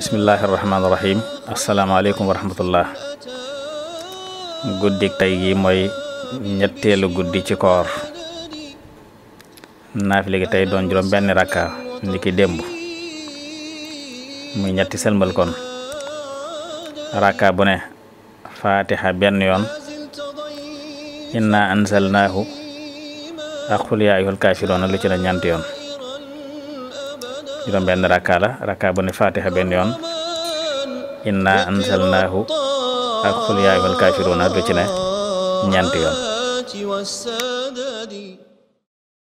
bismillaahi rahmaani rahiim asalaamaaleykum wa rahmatullah guddik tey gi mooy ñetteelu guddi ci koor naafile gi tey doon juróom benn rakka niki démb muy ñetti selmal kon rakka bu ne fatiha benn yoon inna anzalnaahu ak xul yaa ayyuhal kaafiruuna lu ci ne ñeenti yoon juróom benn rakka la rakka bu ne fatiha benn yoon inna ansalnaahu ak xul yaa ayyuhal kaafiruuna du ci ne ñanti yoon